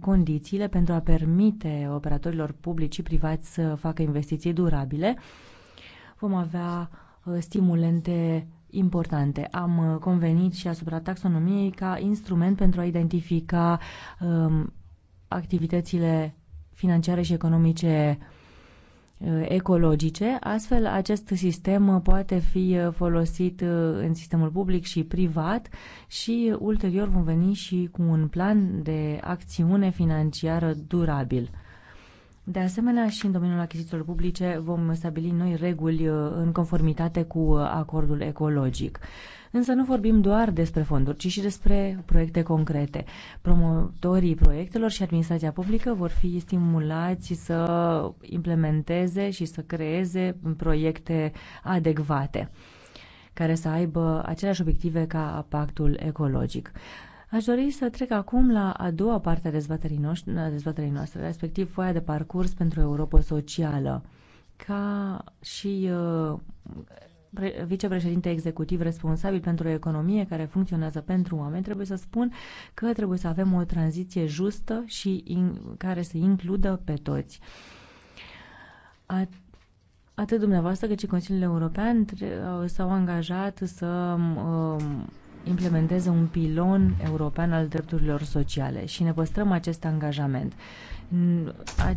condițiile pentru a permite operatorilor publici și privați să facă investiții durabile. Vom avea uh, stimulente importante. Am uh, convenit și asupra taxonomiei ca instrument pentru a identifica um, activitățile financiare și economice uh, Uh, ecologice, astfel acest sistem uh, poate fi uh, folosit în sistemul public și privat și ulterior vom veni și cu un plan de acțiune financiară durabil. De asemenea, și în domeniul achizițiilor publice vom stabili noi reguli în conformitate cu acordul ecologic. Însă nu vorbim doar despre fonduri, ci și despre proiecte concrete. Promotorii proiectelor și administrația publică vor fi stimulați să implementeze și să creeze proiecte adecvate care să aibă aceleași obiective ca pactul ecologic. Aș dori să trec acum la a doua parte a dezbaterii, noștri, a dezbaterii noastre, respectiv foaia de parcurs pentru Europa Socială. Ca și uh, vicepreședinte executiv responsabil pentru o economie care funcționează pentru oameni, trebuie să spun că trebuie să avem o tranziție justă și in, care să includă pe toți. A, atât dumneavoastră cât și Consiliul European s-au angajat să um, implementeze un pilon european al drepturilor sociale și ne păstrăm acest angajament.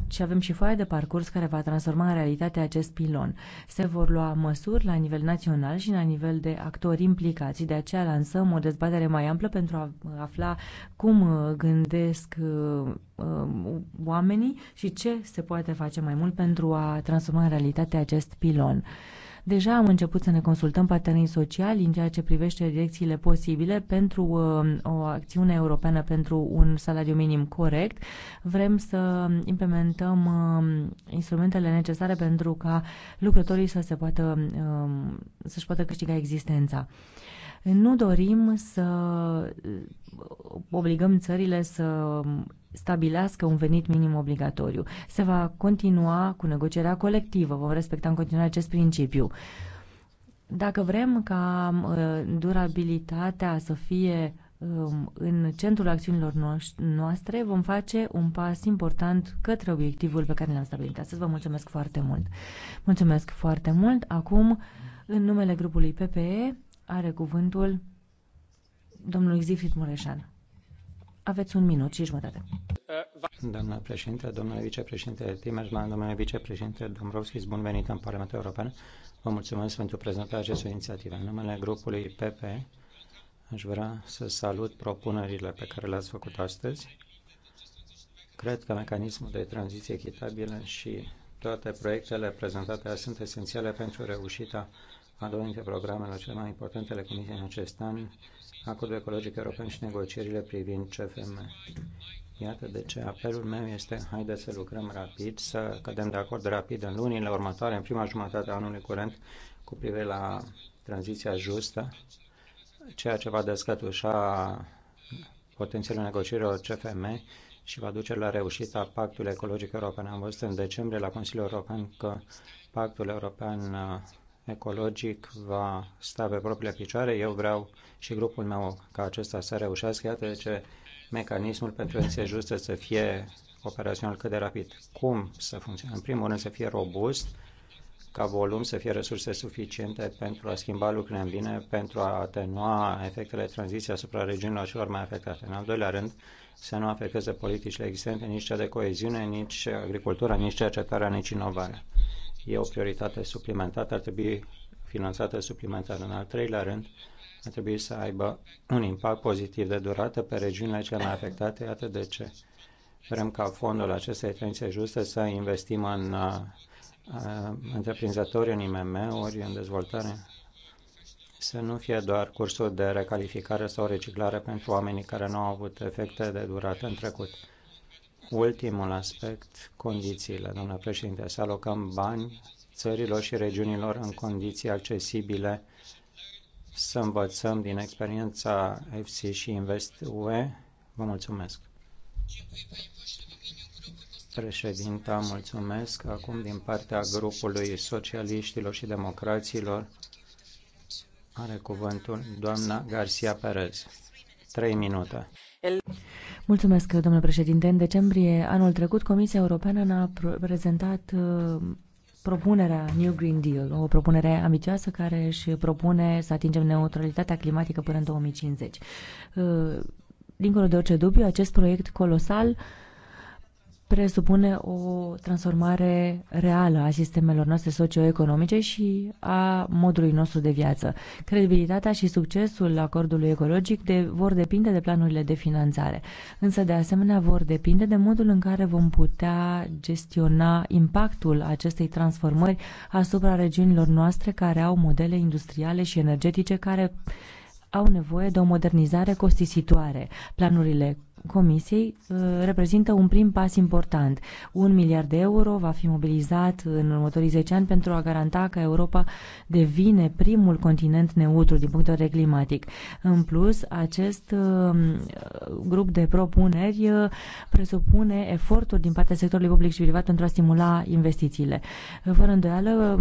Și avem și foaia de parcurs care va transforma în realitate acest pilon. Se vor lua măsuri la nivel național și la nivel de actori implicați. De aceea lansăm o dezbatere mai amplă pentru a afla cum uh, gândesc uh, uh, oamenii și ce se poate face mai mult pentru a transforma în realitate acest pilon. Deja am început să ne consultăm partenerii sociali în ceea ce privește direcțiile posibile pentru uh, o acțiune europeană pentru un salariu minim corect. Vrem să implementăm uh, instrumentele necesare pentru ca lucrătorii să se poată uh, să-și poată câștiga existența. Nu dorim să uh, obligăm țările să stabilească un venit minim obligatoriu. Se va continua cu negocierea colectivă, vom respecta în continuare acest principiu. Dacă vrem ca uh, durabilitatea să fie um, în centrul acțiunilor noastre, vom face un pas important către obiectivul pe care l-am stabilit astăzi. Vă mulțumesc foarte mult! Mulțumesc foarte mult! Acum, în numele grupului PPE, are cuvântul domnul Zifit Mureșan. Aveți un minut și jumătate. Doamna președinte, domnule vicepreședinte Timerman, domnule vicepreședinte Dombrovskis, bun venit în Parlamentul European. Vă mulțumesc pentru prezentarea acestei inițiative. În numele grupului PP aș vrea să salut propunerile pe care le-ați făcut astăzi. Cred că mecanismul de tranziție echitabilă și toate proiectele prezentate sunt esențiale pentru reușita unul dintre programele cele mai importante ale Comisiei în acest an, Acordul Ecologic European și negocierile privind CFM. Iată de ce apelul meu este haide să lucrăm rapid, să cădem de acord rapid în lunile următoare, în prima jumătate a anului curent, cu privire la tranziția justă, ceea ce va descătușa potențialul negocierilor CFM și va duce la reușita Pactului Ecologic European. Am văzut în decembrie la Consiliul European că Pactul European ecologic va sta pe propriile picioare. Eu vreau și grupul meu ca acesta să reușească. Iată de ce mecanismul pentru pensie justă să fie operațional cât de rapid. Cum să funcționeze? În primul rând să fie robust, ca volum să fie resurse suficiente pentru a schimba lucrurile în bine, pentru a atenua efectele tranziției asupra regiunilor celor mai afectate. În al doilea rând, să nu afecteze politicile existente, nici cea de coeziune, nici agricultura, nici cercetarea, nici inovarea e o prioritate suplimentară, ar trebui finanțată suplimentar. În al treilea rând, ar trebui să aibă un impact pozitiv de durată pe regiunile cele mai afectate, atât de ce vrem ca fondul acestei atenție juste să investim în uh, uh, întreprinzători, în IMM-uri, în dezvoltare, să nu fie doar cursuri de recalificare sau reciclare pentru oamenii care nu au avut efecte de durată în trecut. Ultimul aspect, condițiile. Domnule președinte, să alocăm bani țărilor și regiunilor în condiții accesibile, să învățăm din experiența FC și Invest UE. Vă mulțumesc. Președinta, mulțumesc. Acum, din partea grupului socialiștilor și democraților, are cuvântul doamna Garcia Perez. Trei minute. Mulțumesc, domnule președinte. În decembrie anul trecut, Comisia Europeană a prezentat uh, propunerea New Green Deal, o propunere ambițioasă care își propune să atingem neutralitatea climatică până în 2050. Uh, dincolo de orice dubiu, acest proiect colosal uh, presupune o transformare reală a sistemelor noastre socioeconomice și a modului nostru de viață. Credibilitatea și succesul acordului ecologic de, vor depinde de planurile de finanțare, însă de asemenea vor depinde de modul în care vom putea gestiona impactul acestei transformări asupra regiunilor noastre care au modele industriale și energetice care au nevoie de o modernizare costisitoare. Planurile Comisiei uh, reprezintă un prim pas important. Un miliard de euro va fi mobilizat în următorii 10 ani pentru a garanta că Europa devine primul continent neutru din punct de vedere climatic. În plus, acest uh, grup de propuneri uh, presupune eforturi din partea sectorului public și privat pentru a stimula investițiile. Fără îndoială,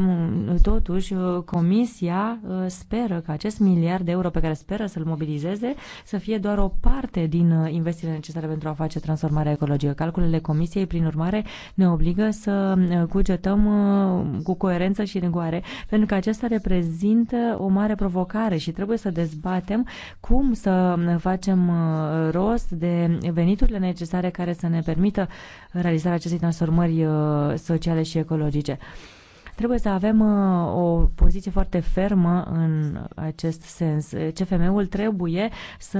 totuși, Comisia speră că acest miliard de euro pe care speră să-l mobilizeze să fie doar o parte din investițiile mijloacele necesare pentru a face transformarea ecologică. Calculele Comisiei, prin urmare, ne obligă să uh, cugetăm uh, cu coerență și rigoare, pentru că acesta reprezintă o mare provocare și trebuie să dezbatem cum să uh, facem rost de veniturile necesare care să ne permită realizarea acestei transformări sociale și ecologice. Trebuie să avem uh, o poziție foarte fermă în acest sens. CFM-ul trebuie să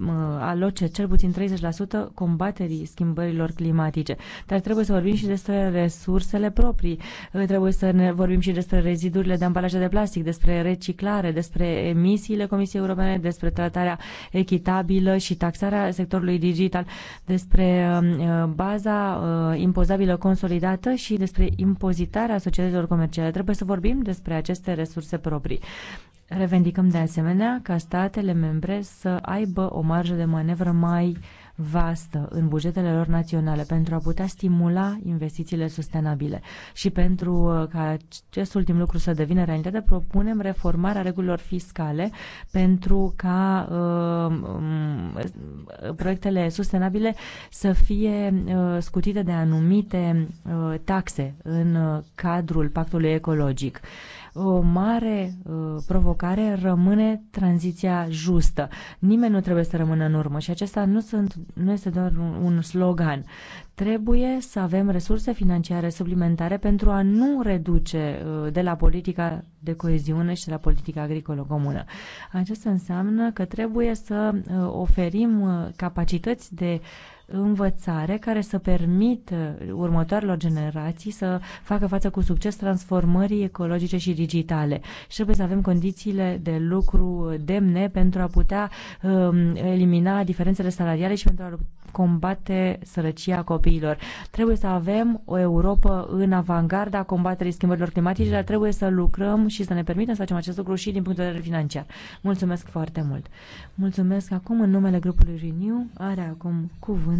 uh, aloce cel puțin 30% combaterii schimbărilor climatice, dar trebuie să vorbim și despre resursele proprii. Uh, trebuie să ne vorbim și despre rezidurile de ambalaje de plastic, despre reciclare, despre emisiile Comisiei Europene, despre tratarea echitabilă și taxarea sectorului digital, despre um, baza impozabilă consolidată și despre impozitarea societăților comerciale comerciale. Trebuie să vorbim despre aceste resurse proprii. Revendicăm de asemenea ca statele membre să aibă o marjă de manevră mai uh, vastă în bugetele lor naționale pentru a putea stimula investițiile sustenabile și pentru uh, ca acest ultim lucru să devină realitate, propunem reformarea regulilor fiscale pentru ca uh, um, proiectele sustenabile să fie uh, scutite de anumite uh, taxe în uh, cadrul pactului ecologic. Uh, o mare uh, provocare rămâne tranziția justă. Nimeni nu trebuie să rămână în urmă și acesta nu, sunt, nu este doar un, un slogan. Trebuie să avem resurse financiare suplimentare pentru a nu reduce uh, de la politica de coeziune și de la politica agricolă comună. Acesta înseamnă că trebuie să uh, oferim uh, capacități de uh, învățare care să permită următoarelor generații să facă față cu succes transformării ecologice și digitale. Și trebuie să avem condițiile de lucru demne pentru a putea um, elimina diferențele salariale și pentru a combate sărăcia copiilor. Trebuie să avem o Europa în avangarda combaterii schimbărilor climatice, dar trebuie să lucrăm și să ne permitem să facem acest lucru și din punct de vedere financiar. Mulțumesc foarte mult! Mulțumesc acum în numele grupului Renew. Are acum cuvânt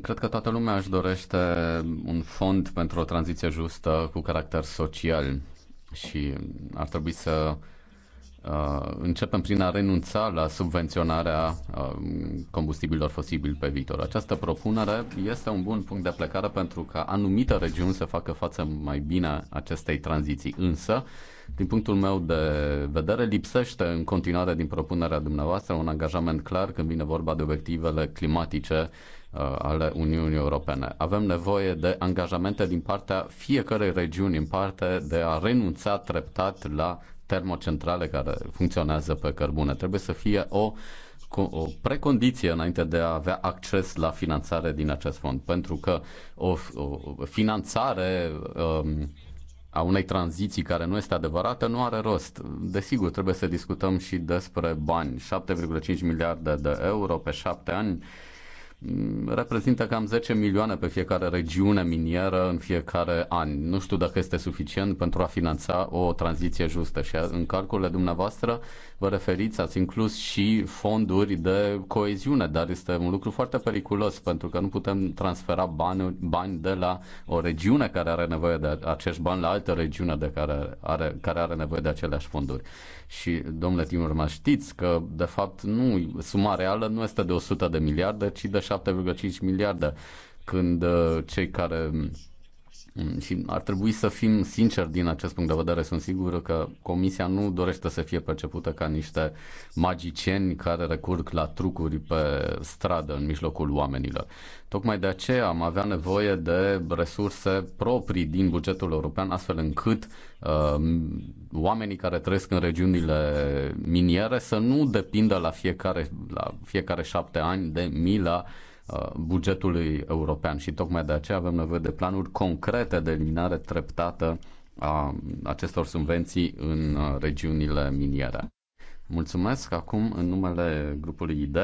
Cred că toată lumea își dorește un fond pentru o tranziție justă cu caracter social și ar trebui să uh, începem prin a renunța la subvenționarea uh, combustibilor fosibili pe viitor. Această propunere este un bun punct de plecare pentru ca anumite regiuni să facă față mai bine acestei tranziții, însă din punctul meu de vedere, lipsește în continuare din propunerea dumneavoastră un angajament clar când vine vorba de obiectivele climatice Uh, ale Uniunii Europene. Avem nevoie de angajamente din partea fiecărei regiuni în parte de a renunța treptat la termocentrale care funcționează pe cărbune. Trebuie să fie o o precondiție înainte de a avea acces la finanțare din acest fond, pentru că o, o finanțare um, a unei tranziții care nu este adevărată nu are rost. Desigur, trebuie să discutăm și despre bani. 7,5 miliarde de euro pe șapte ani reprezintă cam 10 milioane pe fiecare regiune minieră în fiecare an. Nu știu dacă este suficient pentru a finanța o tranziție justă și în calculele dumneavoastră vă referiți, ați inclus și fonduri de coeziune, dar este un lucru foarte periculos pentru că nu putem transfera bani, bani de la o regiune care are nevoie de acești bani la altă regiune de care are, care are nevoie de aceleași fonduri. Și, domnule Timur, mai știți că, de fapt, nu, suma reală nu este de 100 de miliarde, ci de 7,5 miliarde, când uh, cei care Mm, și ar trebui să fim sinceri din acest punct de vedere. Sunt sigur că Comisia nu dorește să fie percepută ca niște magicieni care recurg la trucuri pe stradă în mijlocul oamenilor. Tocmai de aceea am avea nevoie de resurse proprii din bugetul european, astfel încât uh, oamenii care trăiesc în regiunile miniere să nu depindă la fiecare, la fiecare șapte ani de mila Uh, bugetului european și tocmai de aceea avem nevoie de planuri concrete de eliminare treptată a acestor subvenții în uh, regiunile miniere. Mulțumesc. Acum, în numele grupului ID,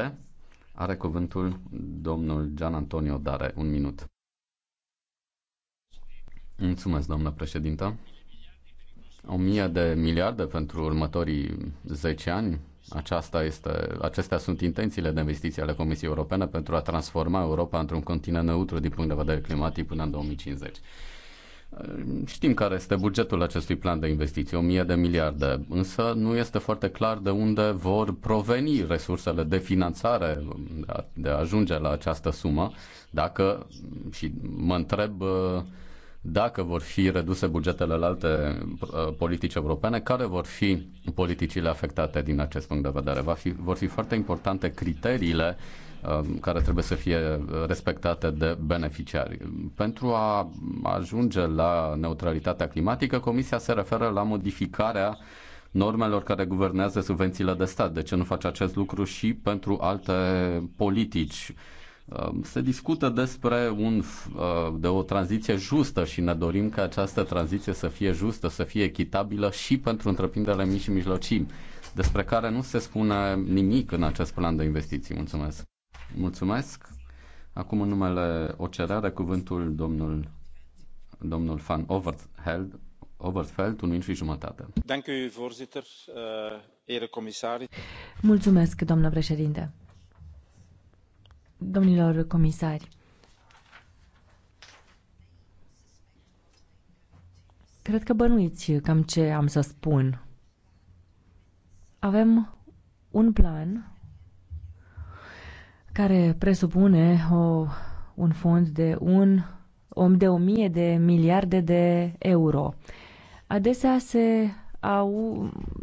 are cuvântul domnul Gian Antonio Dare. Un minut. Mulțumesc, domnule președinte. O mie de miliarde pentru următorii 10 ani aceasta este, acestea sunt intențiile de investiții ale Comisiei Europene pentru a transforma Europa într-un continent neutru din punct de vedere climatic până în 2050. Știm care este bugetul acestui plan de investiții, 1000 de miliarde, însă nu este foarte clar de unde vor proveni resursele de finanțare de a ajunge la această sumă, dacă și mă întreb uh, dacă vor fi reduse bugetele la alte uh, politici europene, care vor fi politicile afectate din acest punct de vedere? Va fi, vor fi foarte importante criteriile um, care trebuie să fie uh, respectate de beneficiari. Pentru a ajunge la neutralitatea climatică, Comisia se referă la modificarea normelor care guvernează subvențiile de stat. De ce nu face acest lucru și pentru alte politici? Um, se discută despre un, uh, de o tranziție justă și ne dorim ca această tranziție să fie justă, să fie echitabilă și pentru întreprinderile mici și mijlocii, despre care nu se spune nimic în acest plan de investiții. Mulțumesc! Mulțumesc! Acum în numele OCR are cuvântul domnul, domnul Van Overheld, Overfeld, un minut și jumătate. Eh, Mulțumesc, domnule președinte domnilor comisari. Cred că bănuiți cam ce am să spun. Avem un plan care presupune o, un fond de un om de o mie de miliarde de euro. Adesea se, au,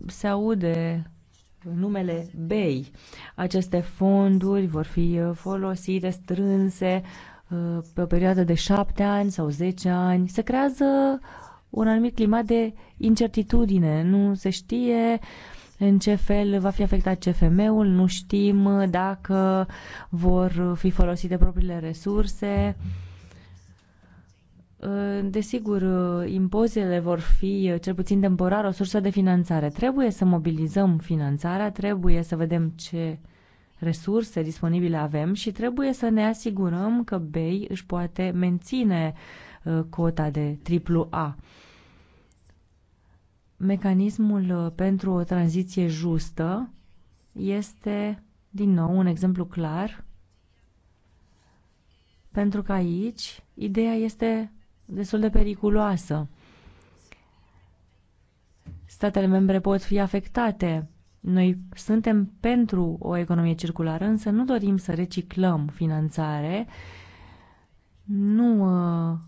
se aude numele BEI. Aceste fonduri vor fi uh, folosite, strânse uh, pe o perioadă de șapte ani sau zece ani. Se creează un anumit climat de incertitudine. Nu se știe în ce fel va fi afectat CFM-ul, nu știm dacă vor fi folosite propriile resurse. Mm-hmm Desigur, impozele vor fi, cel puțin temporar, o sursă de finanțare. Trebuie să mobilizăm finanțarea, trebuie să vedem ce resurse disponibile avem și trebuie să ne asigurăm că BEI își poate menține uh, cota de triplu A. Mecanismul uh, pentru o tranziție justă este, din nou, un exemplu clar pentru că aici ideea este destul de periculoasă. Statele membre pot fi afectate. Noi suntem pentru o economie circulară, însă nu dorim să reciclăm finanțare, nu uh,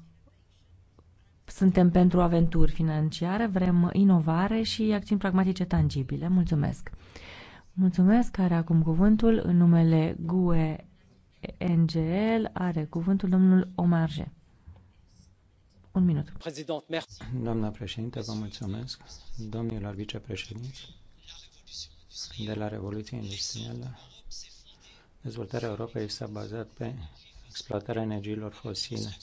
suntem pentru aventuri financiare, vrem inovare și acțiuni pragmatice tangibile. Mulțumesc! Mulțumesc, care acum cuvântul în numele GUE NGL are cuvântul domnul Omarge. Un minut. Doamna președinte, vă mulțumesc. Domnilor vicepreședinți, de la Revoluția Industrială, dezvoltarea Europei s-a bazat pe exploatarea energiilor fosile,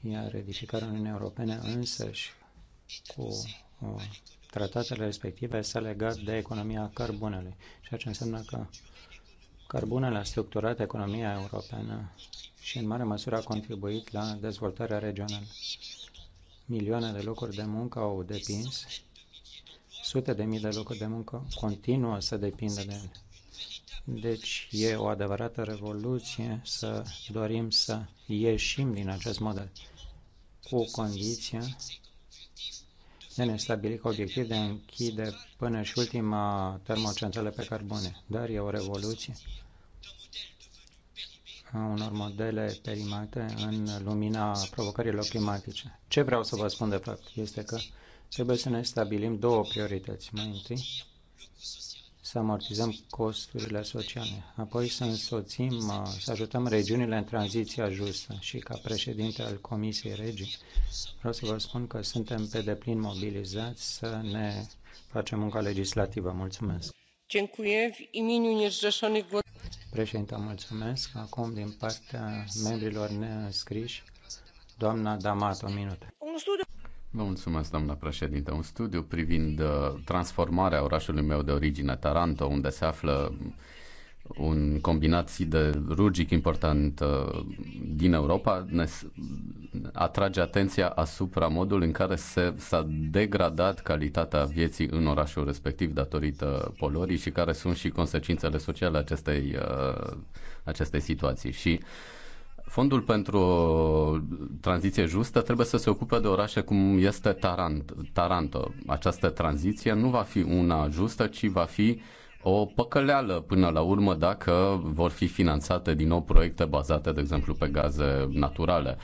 iar edificarea Uniunii Europene însăși cu uh, tratatele respective s-a legat de economia cărbunelui, ceea ce înseamnă că Cărbunele a structurat economia europeană și în mare măsură a contribuit la dezvoltarea regională. Milioane de locuri de muncă au depins, sute de mii de locuri de muncă continuă să depindă de ele. Deci e o adevărată revoluție să dorim să ieșim din acest model cu condiția de ne stabili ca obiectiv de a închide până și ultima termocentrală pe carbone. Dar e o revoluție unor modele perimate în lumina provocărilor climatice. Ce vreau să vă spun de fapt este că trebuie să ne stabilim două priorități. Mai întâi, să amortizăm costurile sociale, apoi să însoțim, să ajutăm regiunile în tranziția justă și ca președinte al Comisiei Regii vreau să vă spun că suntem pe deplin mobilizați să ne facem munca legislativă. Mulțumesc! Președinte, mulțumesc. Acum, din partea membrilor neînscriși, doamna Damat, Minute. Vă mulțumesc, doamna președinte. Un studiu privind uh, transformarea orașului meu de origine, Taranto, unde se află un combinat siderurgic important uh, din Europa, ne atrage atenția asupra modului în care se, s-a degradat calitatea vieții în orașul respectiv datorită polorii și care sunt și consecințele sociale acestei, uh, acestei situații. Și uh, Fondul pentru tranziție justă trebuie să se ocupe de orașe cum este Tarant, Taranto. Această tranziție nu va fi una justă, ci va fi o păcăleală până la urmă dacă vor fi finanțate din nou proiecte bazate, de exemplu, pe gaze naturale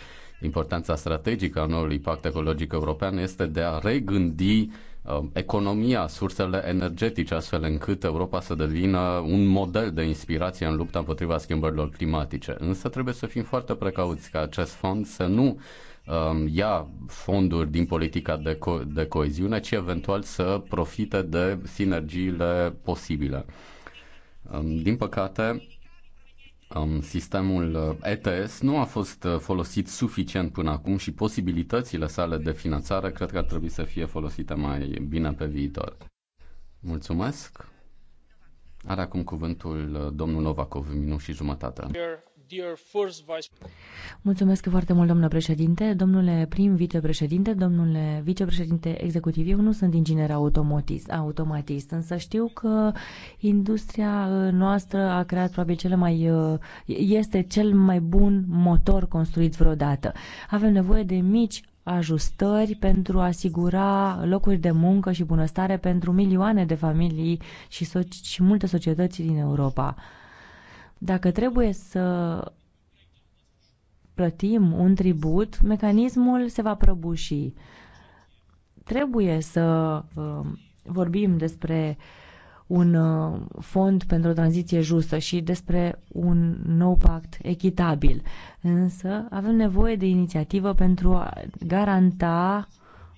importanța strategică a noului pact ecologic european este de a regândi um, economia, sursele energetice, astfel încât Europa să devină un model de inspirație în lupta împotriva schimbărilor climatice. Însă trebuie să fim foarte precauți ca acest fond să nu um, ia fonduri din politica de, co- de coeziune, ci eventual să profite de sinergiile posibile. Um, din păcate, sistemul uh, ETS nu a fost uh, folosit suficient până acum și posibilitățile sale de finanțare cred că ar trebui să fie folosite mai bine pe viitor. Mulțumesc! Are acum cuvântul uh, domnul Novakov, minut și jumătate. Mulțumesc foarte mult, domnule președinte, domnule prim vicepreședinte, domnule vicepreședinte executiv. Eu nu sunt inginer automatist, automatist, însă știu că industria uh, noastră a creat probabil cele mai, uh, este cel mai bun motor construit vreodată. Avem nevoie de mici ajustări pentru a asigura locuri de muncă și bunăstare pentru milioane de familii și, so- și multe societăți din Europa. Dacă trebuie să plătim un tribut, mecanismul se va prăbuși. Trebuie să um, vorbim despre un uh, fond pentru o tranziție justă și despre un nou pact echitabil. Însă avem nevoie de inițiativă pentru a garanta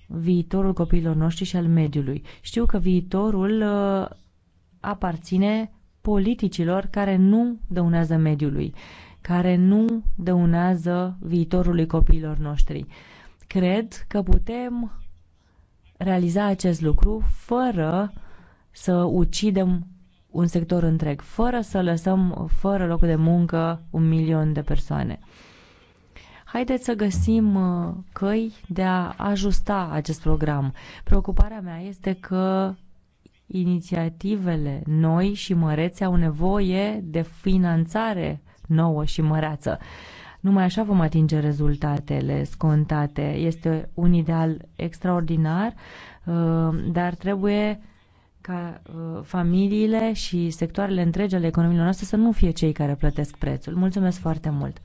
viitorul copiilor noștri și al mediului. Știu că viitorul uh, aparține politicilor care nu dăunează mediului, care nu dăunează viitorului copiilor noștri. Cred că putem realiza acest lucru fără să ucidem un sector întreg, fără să lăsăm fără loc de muncă un milion de persoane. Haideți să găsim uh, căi de a ajusta acest program. Preocuparea mea este că inițiativele noi și mărețe au nevoie de finanțare nouă și măreață. Numai așa vom atinge rezultatele scontate. Este un ideal extraordinar, uh, dar trebuie ca uh, familiile și sectoarele întregi ale economiilor noastre să nu fie cei care plătesc prețul. Mulțumesc foarte mult!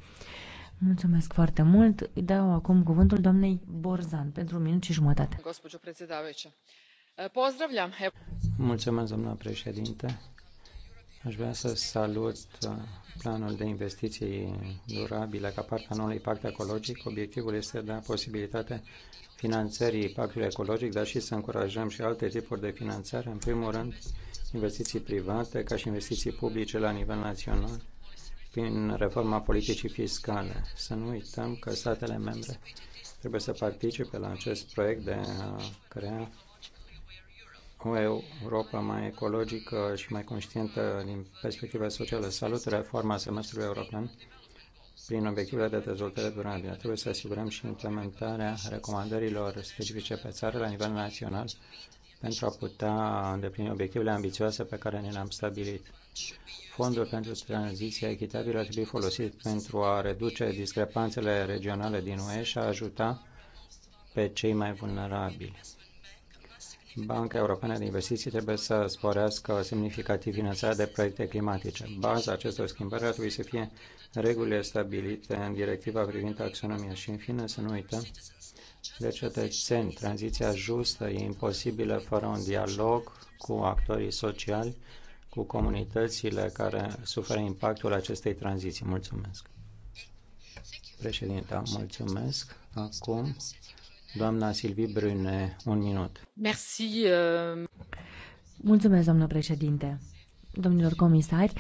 Mulțumesc foarte mult. Îi dau acum cuvântul doamnei Borzan pentru un minut și jumătate. Eh, Mulțumesc, domnule președinte. Aș vrea să salut eh, planul de investiții durabile ca parte noului pact ecologic. Obiectivul este de a da posibilitatea finanțării pactului ecologic, dar și să încurajăm și alte tipuri de finanțare, în primul rând investiții private, ca și investiții publice la nivel național, prin reforma politicii fiscale. Să nu uităm că statele membre trebuie să participe la acest proiect de a crea o Europa mai ecologică și mai conștientă din perspectiva socială. Salut reforma semestrului european prin obiectivele de dezvoltare durabilă. Trebuie să asigurăm și implementarea recomandărilor specifice pe țară la nivel național pentru a putea îndeplini obiectivele ambițioase pe care ne le-am stabilit. Fondul pentru tranziție echitabilă ar trebui folosit pentru a reduce discrepanțele regionale din UE și a ajuta pe cei mai vulnerabili. Banca Europeană de Investiții trebuie să sporească semnificativ finanțarea de proiecte climatice. Baza acestor schimbări ar trebui să fie regulile stabilite în directiva privind taxonomia și, în fine, să nu uităm de cetățeni. Tranziția justă e imposibilă fără un dialog cu actorii sociali, cu comunitățile care suferă impactul acestei tranziții. Mulțumesc. Președinte, mulțumesc. Acum Doamna Silvi Brune, un minut. Merci. Uh, Mulțumesc, doamnă președinte. Domnilor comisari,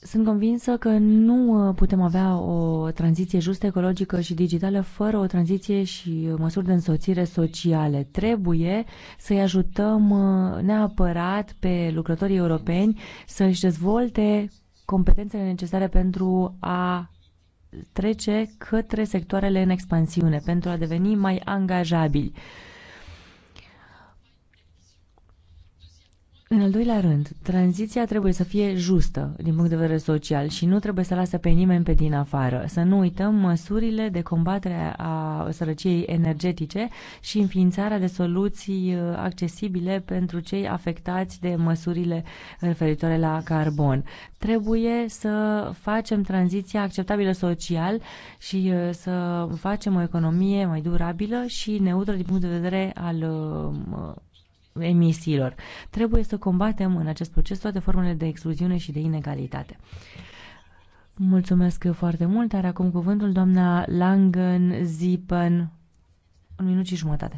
sunt convinsă că nu uh, putem avea o tranziție justă, ecologică și digitală fără o tranziție și măsuri de însoțire sociale. Trebuie să-i ajutăm uh, neapărat pe lucrătorii europeni să-și dezvolte competențele necesare pentru a trece către sectoarele în expansiune pentru a deveni mai angajabili. În al doilea rând, tranziția trebuie să fie justă din punct de vedere social și nu trebuie să lasă pe nimeni pe din afară. Să nu uităm măsurile de combatere a sărăciei energetice și înființarea de soluții uh, accesibile pentru cei afectați de măsurile referitoare la carbon. Trebuie să facem tranziția acceptabilă social și uh, să facem o economie mai durabilă și neutră din punct de vedere al uh, emisiilor. Trebuie să combatem în acest proces toate formele de excluziune și de inegalitate. Mulțumesc foarte mult. Are acum cuvântul doamna Langen Zipen. Un minut și jumătate.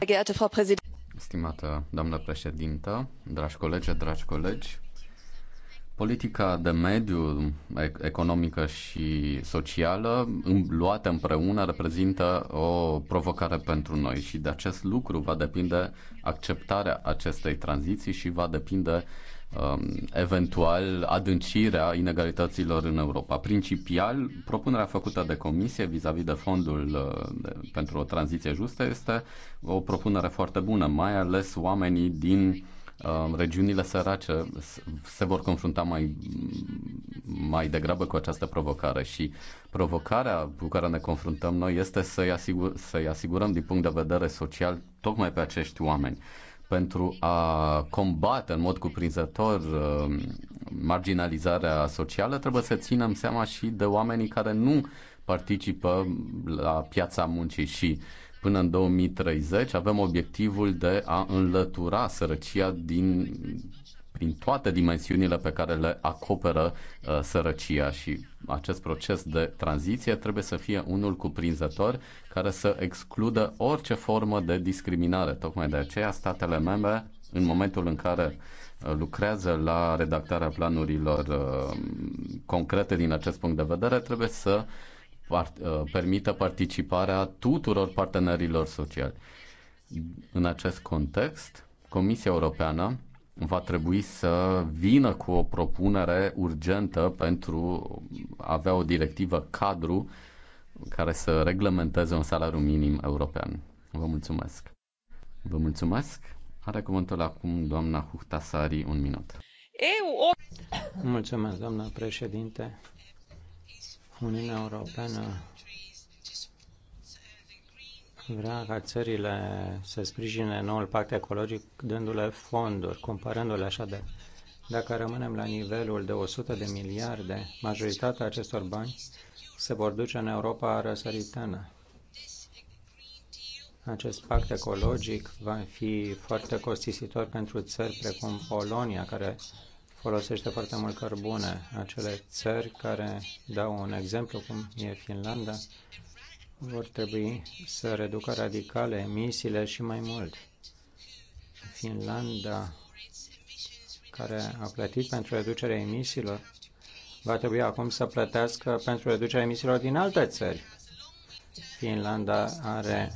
Stimată doamnă președintă, dragi colegi, dragi colegi, Politica de mediu, economică și socială, luată împreună, reprezintă o provocare pentru noi și de acest lucru va depinde acceptarea acestei tranziții și va depinde um, eventual adâncirea inegalităților în Europa. Principial, propunerea făcută de Comisie vis-a-vis -vis de fondul uh, de, pentru o tranziție justă este o propunere foarte bună, mai ales oamenii din Um, regiunile sărace se vor confrunta mai, mai degrabă cu această provocare și provocarea cu care ne confruntăm noi este să-i, asigur, să-i asigurăm din punct de vedere social tocmai pe acești oameni pentru a combate în mod cuprinzător um, marginalizarea socială, trebuie să ținem seama și de oamenii care nu participă la piața muncii și uh, Până în 2030 avem obiectivul de a înlătura sărăcia din, prin toate dimensiunile pe care le acoperă uh, sărăcia și acest proces de tranziție trebuie să fie unul cuprinzător care să excludă orice formă de discriminare. Tocmai de aceea statele membre, în momentul în care uh, lucrează la redactarea planurilor uh, concrete din acest punct de vedere, trebuie să uh, part, uh, permită participarea tuturor partenerilor sociali. În acest context, Comisia Europeană va trebui să vină cu o propunere urgentă pentru a avea o directivă cadru care să reglementeze un salariu minim european. Vă mulțumesc. Vă mulțumesc. Are cuvântul acum doamna Huhtasari un minut. Eu o... Mulțumesc, doamna președinte. Uniunea Europeană vrea ca țările să sprijine noul pact ecologic dându-le fonduri, comparându-le așa de... Dacă rămânem la nivelul de 100 de miliarde, majoritatea acestor bani se vor duce în Europa răsăritană. Acest pact ecologic va fi foarte costisitor pentru țări precum Polonia, care folosește foarte mult cărbune. Acele țări care dau un exemplu, cum e Finlanda, vor trebui să reducă radical emisiile și mai mult. Finlanda, care a plătit pentru reducerea emisiilor, va trebui acum să plătească pentru reducerea emisiilor din alte țări. Finlanda are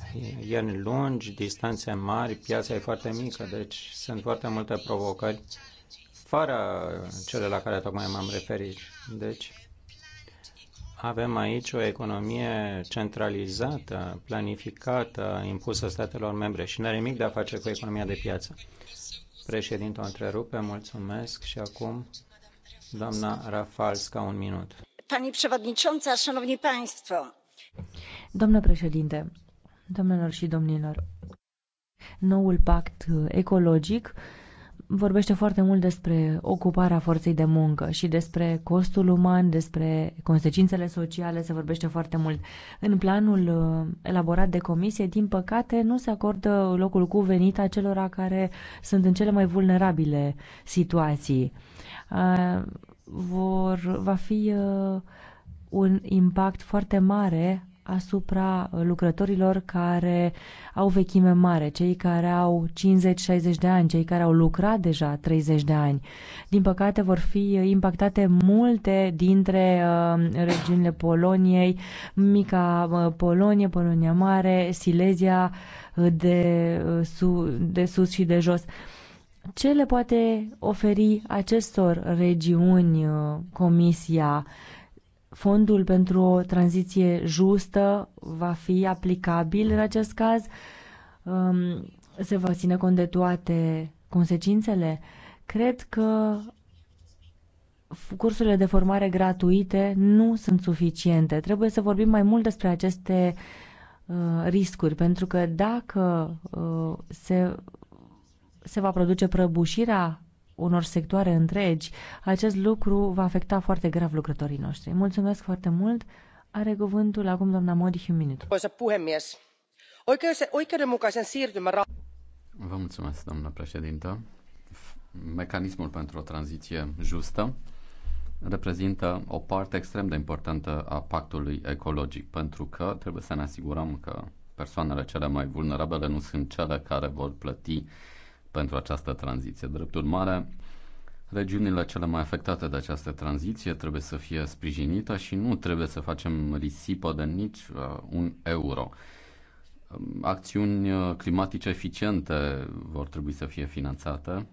ieni lungi, distanțe mari, piața e foarte mică, deci sunt foarte multe provocări fără cele la care tocmai m-am referit. Deci, avem aici o economie centralizată, planificată, impusă statelor membre și nu are nimic de a face cu economia de piață. Președinte, o întrerupe, mulțumesc și acum doamna Rafalska, un minut. Pani przewodnicząca, szanowni państwo. Domnule președinte, domnilor și domnilor, noul pact ecologic vorbește foarte mult despre ocuparea forței de muncă și despre costul uman, despre consecințele sociale, se vorbește foarte mult. În planul uh, elaborat de comisie, din păcate, nu se acordă locul cuvenit acelora care sunt în cele mai vulnerabile situații. Uh, vor, va fi uh, un impact foarte mare asupra uh, lucrătorilor care au vechime mare, cei care au 50-60 de ani, cei care au lucrat deja 30 de ani. Din păcate vor fi uh, impactate multe dintre uh, regiunile Poloniei, mica uh, Polonie, Polonia Mare, Silesia uh, de, uh, su, de sus și de jos. Ce le poate oferi acestor regiuni Comisia? Fondul pentru o tranziție justă va fi aplicabil în acest caz? Um, se va ține cont de toate consecințele? Cred că cursurile de formare gratuite nu sunt suficiente. Trebuie să vorbim mai mult despre aceste uh, riscuri, pentru că dacă uh, se, se va produce prăbușirea unor sectoare întregi, acest lucru va afecta foarte grav lucrătorii noștri. Mulțumesc foarte mult. Are cuvântul acum doamna Modi și un minut. Vă mulțumesc, doamna președintă. Mecanismul pentru o tranziție justă reprezintă o parte extrem de importantă a pactului ecologic, pentru că trebuie să ne asigurăm că persoanele cele mai vulnerabile nu sunt cele care vor plăti uh, pentru această tranziție. Drept urmare, regiunile cele mai afectate de această tranziție trebuie să fie sprijinite și nu trebuie să facem risipă de nici uh, un euro. Um, acțiuni uh, climatice eficiente vor trebui să fie finanțate.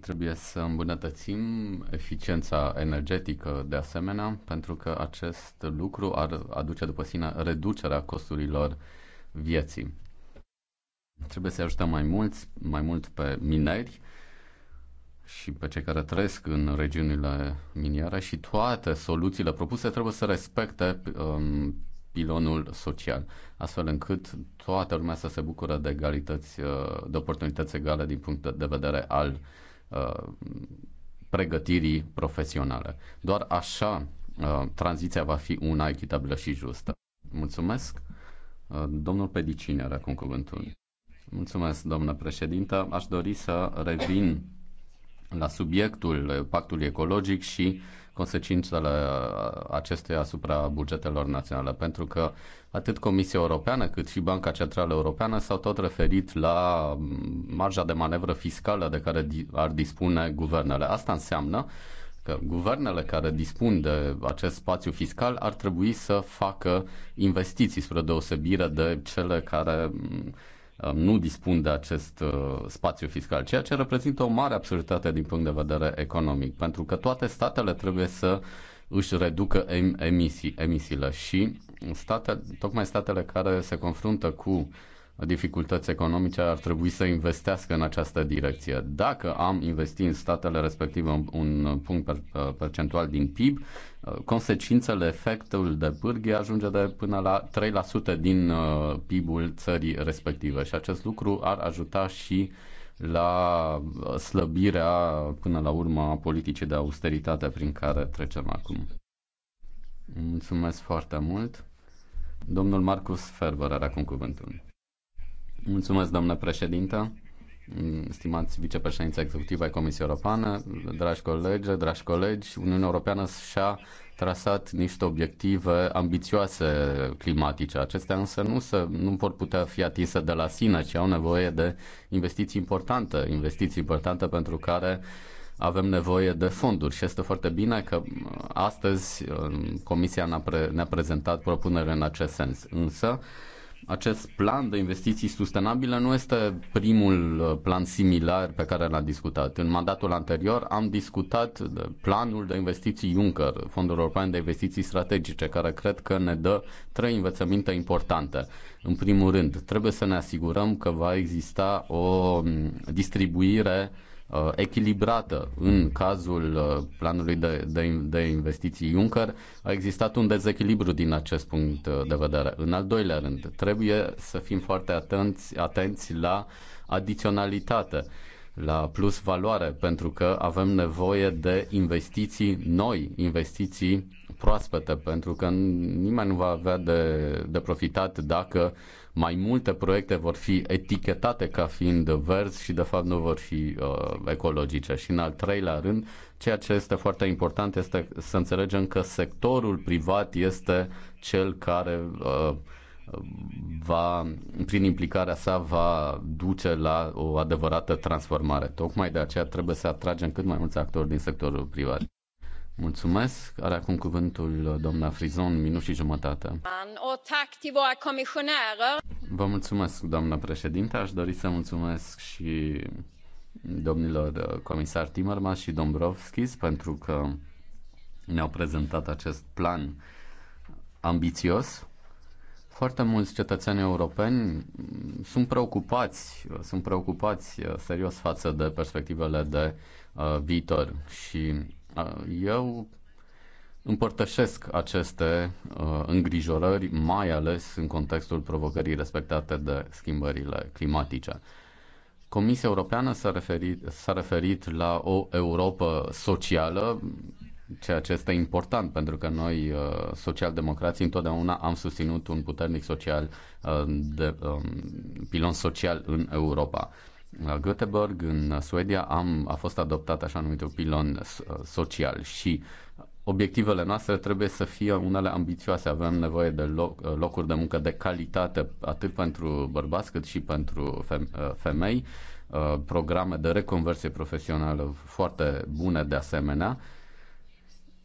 Trebuie să îmbunătățim eficiența energetică de asemenea, pentru că acest lucru ar aduce după sine reducerea costurilor vieții. Trebuie să ajutăm mai mulți, mai mult pe mineri și pe cei care trăiesc în regiunile miniere și toate soluțiile propuse trebuie să respecte um, pilonul social, astfel încât toată lumea să se bucură de egalități, uh, de oportunități egale din punct de vedere al uh, pregătirii profesionale. Doar așa uh, tranziția va fi una echitabilă și justă. Mulțumesc. Uh, domnul Pedicini are acum cuvântul. Mulțumesc, doamnă președintă. Aș dori să revin la subiectul pactului ecologic și consecințele acestuia asupra bugetelor naționale, pentru că atât Comisia Europeană cât și Banca Centrală Europeană s-au tot referit la marja de manevră fiscală de care ar dispune guvernele. Asta înseamnă că guvernele care dispun de acest spațiu fiscal ar trebui să facă investiții spre deosebire de cele care Um, nu dispun de acest uh, spațiu fiscal, ceea ce reprezintă o mare absurditate din punct de vedere economic, pentru că toate statele trebuie să își reducă emisii, emisiile și state, tocmai statele care se confruntă cu dificultăți economice ar trebui să investească în această direcție. Dacă am investit în statele respective un punct percentual din PIB, uh, consecințele, efectul de pârghie ajunge de până la 3% din uh, PIB-ul țării respective și acest lucru ar ajuta și la uh, slăbirea până la urmă a politicii de austeritate prin care trecem acum. Mulțumesc foarte mult. Domnul Marcus Ferber are acum cuvântul. Mulțumesc, doamnă președintă, stimați vicepreședința executivă ai Comisiei Europene, dragi colegi, dragi colegi, Uniunea Europeană și-a trasat niște obiective ambițioase climatice. Acestea însă nu, se, nu vor putea fi atinse de la sine, ci au nevoie de investiții importante, investiții importante pentru care avem nevoie de fonduri și este foarte bine că astăzi Comisia ne-a, pre- ne-a prezentat propunere în acest sens. Însă, acest plan de investiții sustenabile nu este primul uh, plan similar pe care l-am discutat. În mandatul anterior am discutat de planul de investiții Juncker, Fondul European de Investiții Strategice, care cred că ne dă trei învățăminte importante. În primul rând, trebuie să ne asigurăm că va exista o mm, distribuire uh, uh, echilibrată. În cazul uh, planului de, de, de investiții Juncker a existat un dezechilibru din acest punct uh, de vedere. În al doilea rând, trebuie să fim foarte atenți, atenți la adiționalitate la plus valoare, pentru că avem nevoie de investiții noi, investiții proaspete, pentru că nimeni nu va avea de, de profitat dacă mai multe proiecte vor fi etichetate ca fiind verzi și de fapt nu vor fi uh, ecologice. Și în al treilea rând, ceea ce este foarte important este să înțelegem că sectorul privat este cel care uh, va, prin implicarea sa va duce la o adevărată transformare. Tocmai de aceea trebuie să atragem cât mai mulți actori din sectorul privat. Mulțumesc. Are acum cuvântul uh, doamna Frizon, minut și jumătate. Vă mulțumesc, doamna președinte. Aș dori să mulțumesc și domnilor uh, comisar Timmermans și Dombrovskis pentru că ne-au prezentat acest plan ambițios. Foarte mulți cetățeni europeni sunt preocupați, uh, sunt preocupați serios față de perspectivele de uh, viitor și eu împărtășesc aceste îngrijorări, mai ales în contextul provocării respectate de schimbările climatice. Comisia Europeană s-a referit, s-a referit la o Europa socială, ceea ce este important, pentru că noi, socialdemocrații, întotdeauna am susținut un puternic social, de, um, pilon social în Europa la Göteborg, în Suedia, am, a fost adoptat așa numitul pilon uh, social și obiectivele noastre trebuie să fie unele ambițioase. Avem nevoie de loc, uh, locuri de muncă de calitate, atât pentru bărbați cât și pentru uh, femei, programe de reconversie profesională foarte bune de asemenea.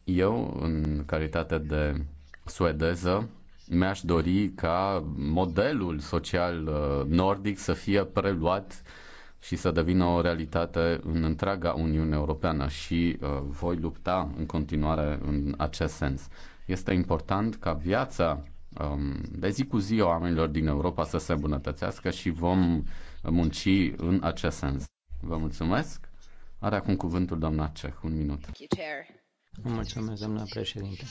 Eu, în calitate de suedeză, mi-aș dori ca modelul social nordic să fie preluat și să devină o realitate în întreaga Uniune Europeană și uh, voi lupta în continuare în acest sens. Este important ca viața um, de zi cu zi a oamenilor din Europa să se îmbunătățească și vom munci în acest sens. Vă mulțumesc. Are acum cuvântul doamna Ceh. Un minut. Mulțumesc, doamna președinte.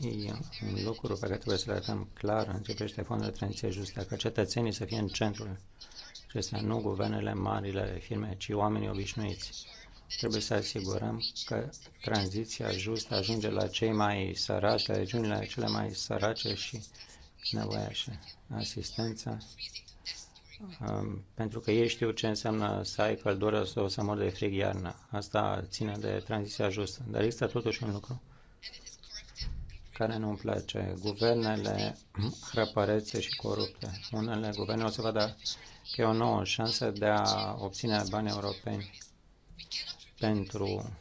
E un lucru pe care trebuie să-l arătăm clar în ce privește fondul de tranziție justă, ca cetățenii să fie în centrul acestea nu guvernele, marile firme, ci oamenii obișnuiți. Trebuie să asigurăm că tranziția justă ajunge la cei mai săraci, la regiunile cele mai sărace și nevoiașe. Asistența um, pentru că ei știu ce înseamnă să ai căldură sau să mor de frig iarna. Asta ține de tranziția justă. Dar există totuși un lucru care nu-mi place. Guvernele hrăpărețe și corupte. Unele guverne o să vadă că e o nouă șansă de a obține bani europeni pentru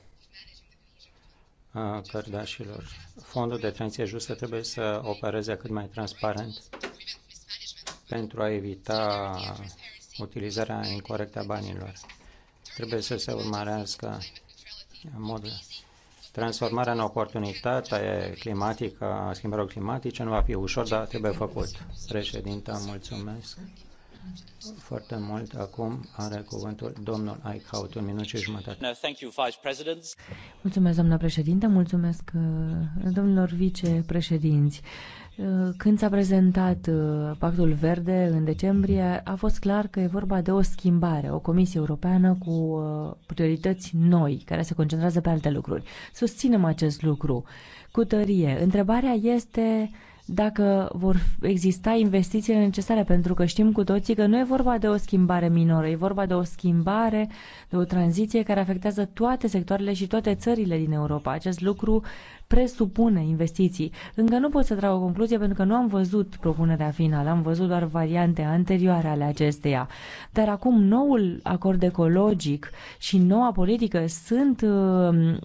uh, cărdașilor. Fondul de tranziție justă trebuie să opereze cât mai transparent pentru a evita utilizarea incorrectă a banilor. Trebuie să se urmărească în mod transformarea în oportunitate climatică, schimbările climatice nu va fi ușor, dar trebuie făcut. Președinte, mulțumesc foarte mult. Acum are cuvântul domnul Eichhout, un minut și jumătate. Mulțumesc, doamna președinte, mulțumesc uh, domnilor vicepreședinți. Uh, când s-a prezentat uh, Pactul Verde în decembrie, a fost clar că e vorba de o schimbare, o comisie europeană cu priorități noi, care se concentrează pe alte lucruri. Susținem acest lucru cu tărie. Întrebarea este dacă vor exista investițiile necesare, pentru că știm cu toții că nu e vorba de o schimbare minoră, e vorba de o schimbare, de o tranziție care afectează toate sectoarele și toate țările din Europa. Acest lucru presupune investiții. Încă nu pot să trag o concluzie pentru că nu am văzut propunerea finală, am văzut doar variante anterioare ale acesteia. Dar acum noul acord ecologic și noua politică sunt uh,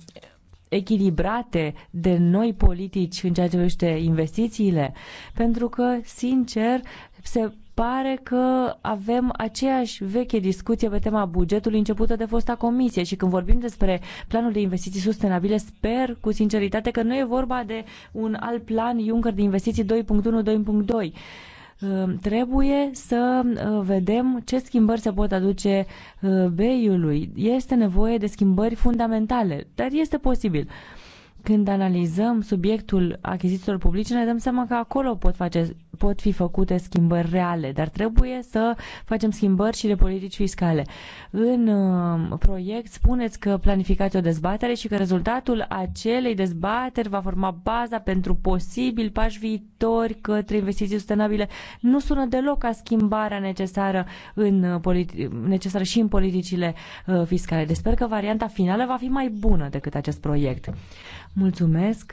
echilibrate de noi politici în ceea ce privește investițiile? Pentru că, sincer, se pare că avem aceeași veche discuție pe tema bugetului începută de fosta comisie și când vorbim despre planul de investiții sustenabile, sper cu sinceritate că nu e vorba de un alt plan Juncker de investiții 2.1-2.2 Ă, trebuie să ă, vedem ce schimbări se pot aduce ă, beiului. Este nevoie de schimbări fundamentale, dar este posibil. Când analizăm subiectul achizițiilor publice, ne dăm seama că acolo pot, face, pot fi făcute schimbări reale, dar trebuie să facem schimbări și de politici fiscale. În uh, proiect spuneți că planificați o dezbatere și că rezultatul acelei dezbateri va forma baza pentru posibil pași viitori către investiții sustenabile. Nu sună deloc ca schimbarea necesară, în, uh, politi- necesară și în politicile uh, fiscale. Deci sper că varianta finală va fi mai bună decât acest proiect. Mulțumesc.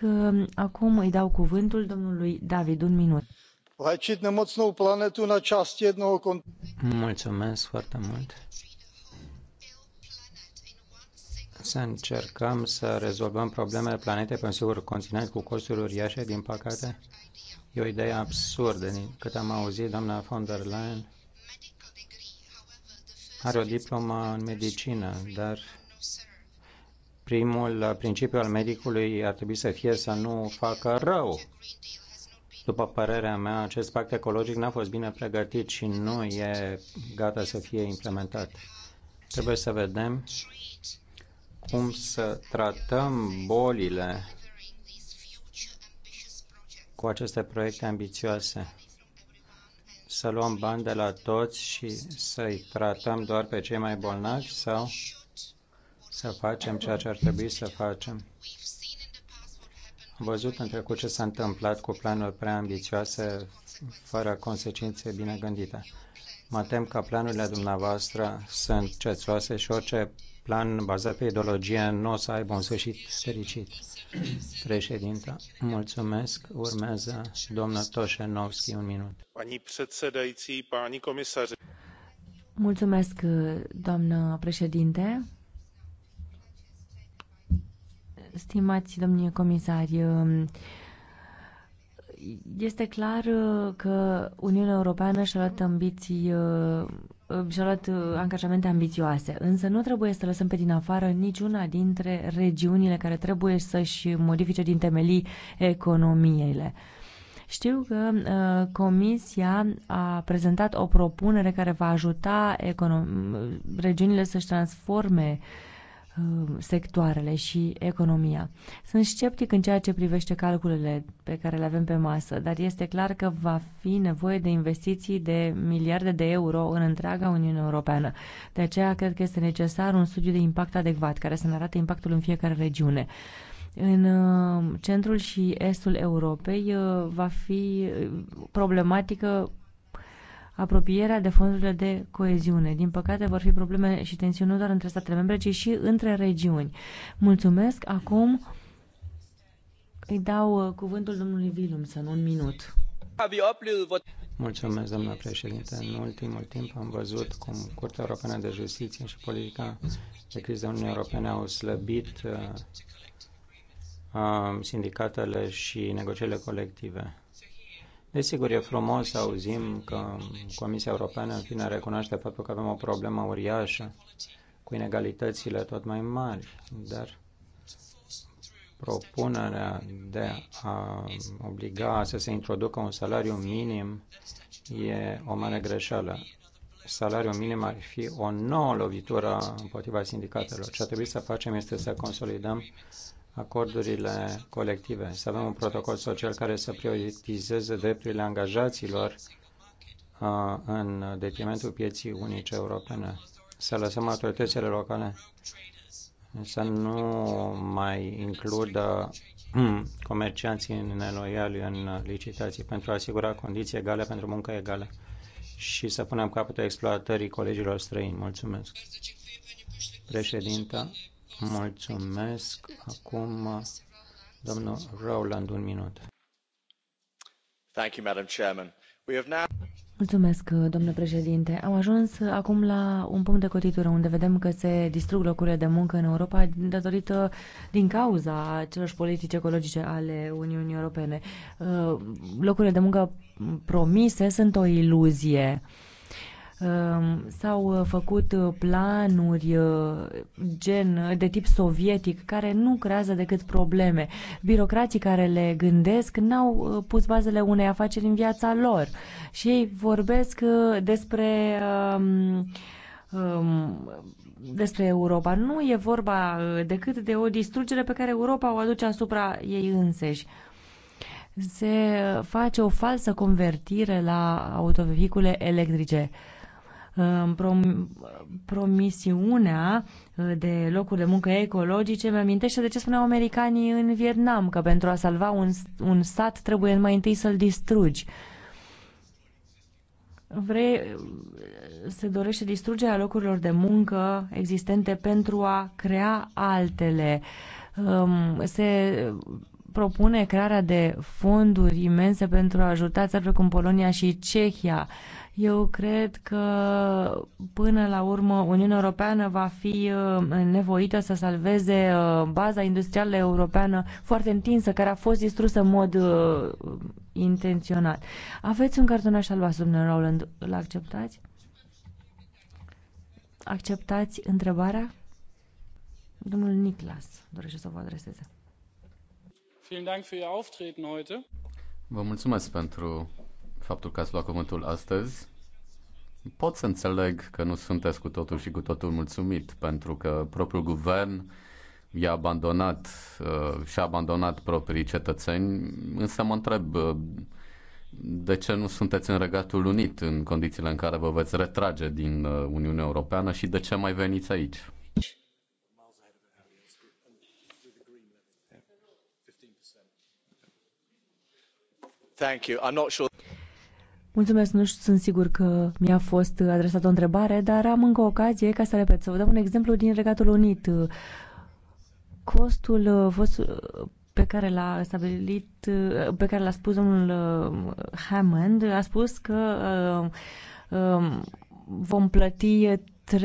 Acum îi dau cuvântul domnului David, un minut. Mulțumesc foarte mult. Să încercăm să rezolvăm problemele planetei pe un singur continent cu costuri uriașe, din păcate, e o idee absurdă. Din cât am auzit, doamna von der Leyen are o diplomă în medicină, dar Primul principiu al medicului ar trebui să fie să nu facă rău. După părerea mea, acest pact ecologic n-a fost bine pregătit și nu e gata să fie implementat. Trebuie să vedem cum să tratăm bolile cu aceste proiecte ambițioase. Să luăm bani de la toți și să-i tratăm doar pe cei mai bolnavi sau să facem ceea ce ar trebui să facem. Am văzut în trecut ce s-a întâmplat cu planuri prea ambițioase, fără consecințe bine gândite. Mă tem că planurile dumneavoastră sunt cețoase și orice plan bazat pe ideologie nu o să aibă un sfârșit fericit. Președinta, mulțumesc. Urmează domnul Toșenovski, un minut. Pani pani Mulțumesc, doamnă președinte. Stimați domnule comisari, um, este clar uh, că Uniunea Europeană și-a luat ambiții uh, uh, și-a luat angajamente ambițioase, însă nu trebuie să lăsăm pe din afară niciuna dintre regiunile care trebuie să-și modifice din temelii economiile. Știu că Comisia a prezentat o propunere care va ajuta econom- regiunile să-și transforme uh, Um, sectoarele și economia. Sunt sceptic în ceea ce privește calculele pe care le avem pe masă, dar este clar că va fi nevoie de investiții de miliarde de euro în întreaga Uniune Europeană. De aceea cred că este necesar un studiu de impact adecvat care să ne arate impactul în fiecare regiune. În um, centrul și estul Europei uh, va fi uh, problematică apropierea de fondurile de coeziune. Din păcate, vor fi probleme și tensiuni nu doar între statele membre, ci și între regiuni. Mulțumesc. Acum îi dau uh, cuvântul domnului Vilum, să nu un minut. Mulțumesc, doamna președinte. În ultimul timp am văzut cum Curtea Europeană de Justiție și politica de criză Uniunii Europene au slăbit uh, uh, sindicatele și negocierile colective. Desigur, e frumos să auzim că Comisia Europeană în fine recunoaște faptul că avem o problemă uriașă cu inegalitățile tot mai mari, dar propunerea de a obliga să se introducă un salariu minim e o mare greșeală. Salariul minim ar fi o nouă lovitură împotriva sindicatelor. Ce a trebuit să facem este să consolidăm acordurile colective, să avem un protocol social care să prioritizeze drepturile angajaților uh, în detrimentul pieții unice europene, să lăsăm autoritățile locale să nu mai includă hmm, comercianții neloiali în licitații pentru a asigura condiții egale pentru muncă egală și să punem capăt exploatării colegilor străini. Mulțumesc. Președinta, Mulțumesc. Acum, domnul Rowland, un minut. Thank you, Madam Chairman. We have now... Mulțumesc, domnule președinte. Am ajuns acum la un punct de cotitură unde vedem că se distrug locurile de muncă în Europa datorită din cauza celor politici ecologice ale Uniunii Europene. Uh, locurile de muncă promise sunt o iluzie. Ehm, s-au uh, făcut uh, planuri uh, gen de tip sovietic care nu creează decât probleme. Birocrații care le gândesc n-au pus bazele unei afaceri în viața lor și ei vorbesc despre ehm, ehm, despre Europa. Nu e vorba decât de o distrugere pe care Europa o aduce asupra ei înseși. Se face o falsă convertire la autovehicule electrice. Uh, prom- promisiunea uh, de locuri de muncă ecologice mi amintește de ce spuneau americanii în Vietnam, că pentru a salva un, un sat trebuie mai întâi să-l distrugi. Vrei, se dorește distrugerea locurilor de muncă existente pentru a crea altele. Um, se propune crearea de fonduri imense pentru a ajuta țări precum Polonia și Cehia eu cred că până la urmă Uniunea Europeană va fi uh, nevoită să salveze uh, baza industrială europeană foarte întinsă, care a fost distrusă în mod uh, intenționat. Aveți un cartonaș albastru, domnule Rowland, îl acceptați? Acceptați întrebarea? Domnul Niclas dorește să vă adreseze. Vă mulțumesc pentru faptul că ați luat cuvântul astăzi. Pot să înțeleg că nu sunteți cu totul și cu totul mulțumit, pentru că propriul guvern i-a abandonat uh, și-a abandonat proprii cetățeni, însă mă întreb uh, de ce nu sunteți în Regatul Unit în condițiile în care vă veți retrage din uh, Uniunea Europeană și de ce mai veniți aici? Thank you. I'm not sure. Mulțumesc, nu știu, sunt sigur că mi-a fost adresată o întrebare, dar am încă o ocazie ca să repet, să vă dau un exemplu din Regatul Unit. Costul uh, uh, pe care l-a stabilit, uh, pe care l-a spus domnul Hammond, a spus că um, vom plăti 3.000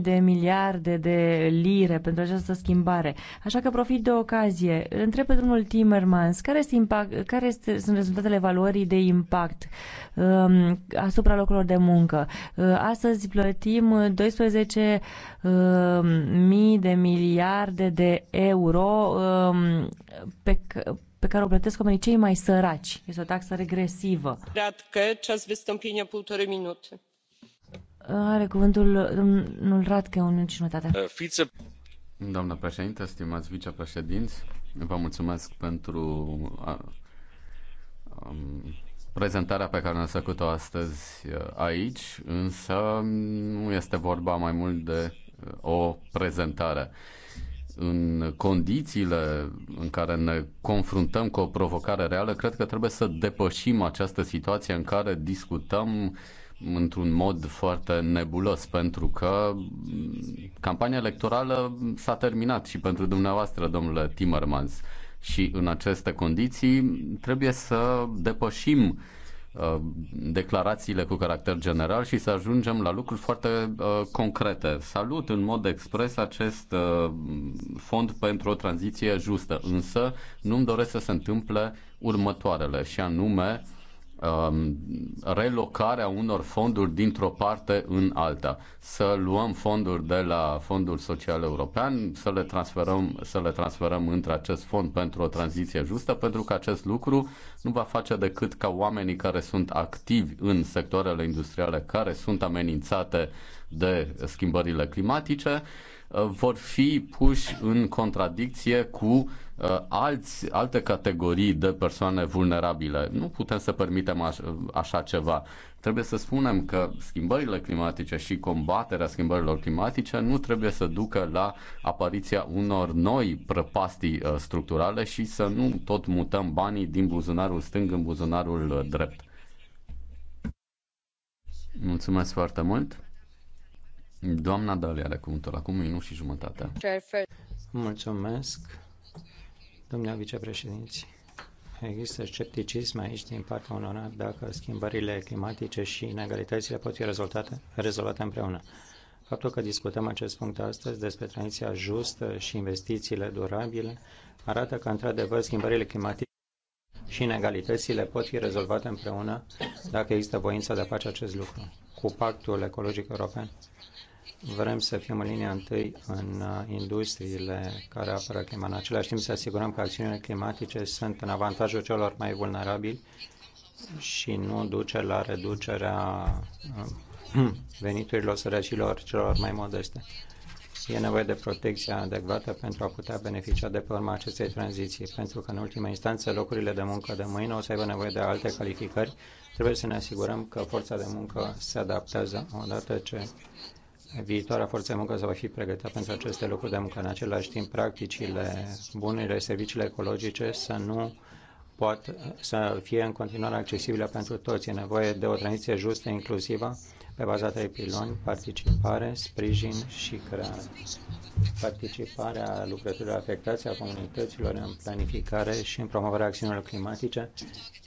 de miliarde de lire pentru această schimbare. Așa că profit de ocazie. Întreb pe domnul Timmermans, care, este impact, care este, sunt rezultatele valorii de impact um, asupra locurilor de muncă? Uh, astăzi plătim 12.000 um, de miliarde de euro um, pe, pe care o plătesc oamenii cei mai săraci. Este o taxă regresivă. Cred că ceas wystąpienia półtorej minute. Are cuvântul domnul Radke, un minut și jumătate. Uh, președinte, stimați vicepreședinți, vă mulțumesc pentru a, uh, um, prezentarea pe care ne-a făcut-o astăzi uh, aici, însă nu este vorba mai mult de o prezentare. În condițiile în care ne confruntăm cu o provocare reală, cred că trebuie să depășim această situație în care discutăm uh, într-un mod foarte nebulos, pentru că campania electorală s-a terminat și pentru dumneavoastră, domnule Timmermans. Și în aceste condiții trebuie să depășim uh, declarațiile cu caracter general și să ajungem la lucruri foarte uh, concrete. Salut în mod expres acest uh, fond pentru o tranziție justă, însă nu-mi doresc să se întâmple următoarele și anume uh, Um, relocarea unor fonduri dintr-o parte în alta. Să luăm fonduri de la Fondul Social European, să le transferăm, să le transferăm între acest fond pentru o tranziție justă, pentru că acest lucru nu va face decât ca oamenii care sunt activi în sectoarele industriale care sunt amenințate de schimbările climatice uh, vor fi puși în contradicție cu Uh, alți, alte categorii de persoane vulnerabile. Nu putem să permitem aș, așa ceva. Trebuie să spunem că schimbările climatice și combaterea schimbărilor climatice nu trebuie să ducă la apariția unor noi prăpastii uh, structurale și să nu tot mutăm banii din buzunarul stâng în buzunarul uh, drept. Mulțumesc foarte mult! Doamna Dalia are cuvântul acum, minut și jumătate. Mulțumesc! Domnule vicepreședinți, există scepticism aici din partea unor dacă schimbările climatice și inegalitățile pot fi rezolvate, rezolvate împreună. Faptul că discutăm acest punct astăzi despre tranziția justă și investițiile durabile arată că, într-adevăr, schimbările climatice și inegalitățile pot fi rezolvate împreună dacă există voința de a face acest lucru. Cu Pactul Ecologic European Vrem să fim în linia întâi în uh, industriile care apără clima. În același timp să asigurăm că acțiunile climatice sunt în avantajul celor mai vulnerabili și nu duce la reducerea um, veniturilor sărăcilor celor mai modeste. E nevoie de protecția adecvată pentru a putea beneficia de pe urma acestei tranziții, pentru că în ultima instanță locurile de muncă de mâine o să aibă nevoie de alte calificări. Trebuie să ne asigurăm că forța de muncă se adaptează odată ce viitoarea forță de muncă să va fi pregătită pentru aceste locuri de muncă. În același timp, practicile bunele, serviciile ecologice să nu pot să fie în continuare accesibile pentru toți. E nevoie de o tranziție justă, inclusivă, pe baza trei piloni, participare, sprijin și creare. Participarea lucrătorilor afectați a comunităților în planificare și în promovarea acțiunilor climatice,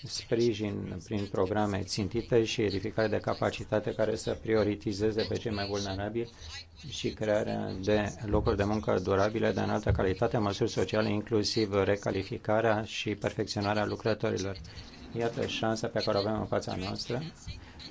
sprijin prin programe țintite și edificare de capacitate care să prioritizeze pe cei mai vulnerabili și crearea de locuri de muncă durabile de înaltă calitate, măsuri sociale, inclusiv recalificarea și perfecționarea lucrătorilor. Iată șansa pe care o avem în fața noastră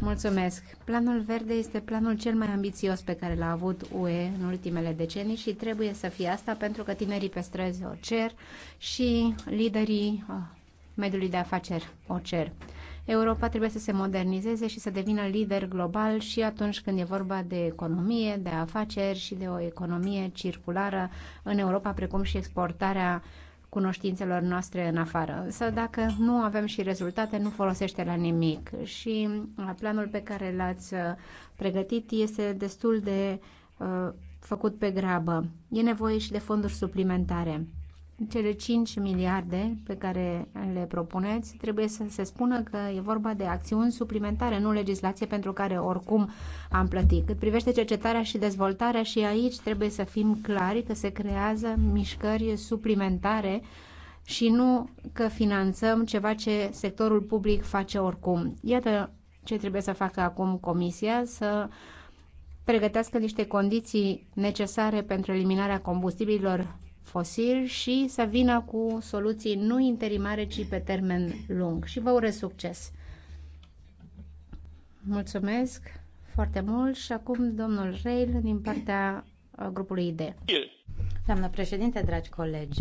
Mulțumesc. Planul verde este planul cel mai ambițios pe care l-a avut UE în ultimele decenii și trebuie să fie asta pentru că tinerii pe străzi o cer și liderii uh, mediului de afaceri o cer. Europa trebuie să se modernizeze și să devină lider global și atunci când e vorba de economie, de afaceri și de o economie circulară în Europa, precum și exportarea cunoștințelor noastre în afară. Însă dacă nu avem și rezultate, nu folosește la nimic. Și uh, planul pe care l-ați uh, pregătit este destul de uh, făcut pe grabă. E nevoie și de fonduri suplimentare cele 5 miliarde pe care le propuneți, trebuie să se spună că e vorba de acțiuni suplimentare, nu legislație pentru care oricum am plătit. Cât privește cercetarea și dezvoltarea și aici trebuie să fim clari că se creează mișcări suplimentare și nu că finanțăm ceva ce sectorul public face oricum. Iată ce trebuie să facă acum Comisia, să pregătească niște condiții necesare pentru eliminarea combustibililor fosil și să vină cu soluții nu interimare, ci pe termen lung. Și vă urez succes! Mulțumesc foarte mult și acum domnul Reil din partea uh, grupului ID. Doamnă președinte, dragi colegi,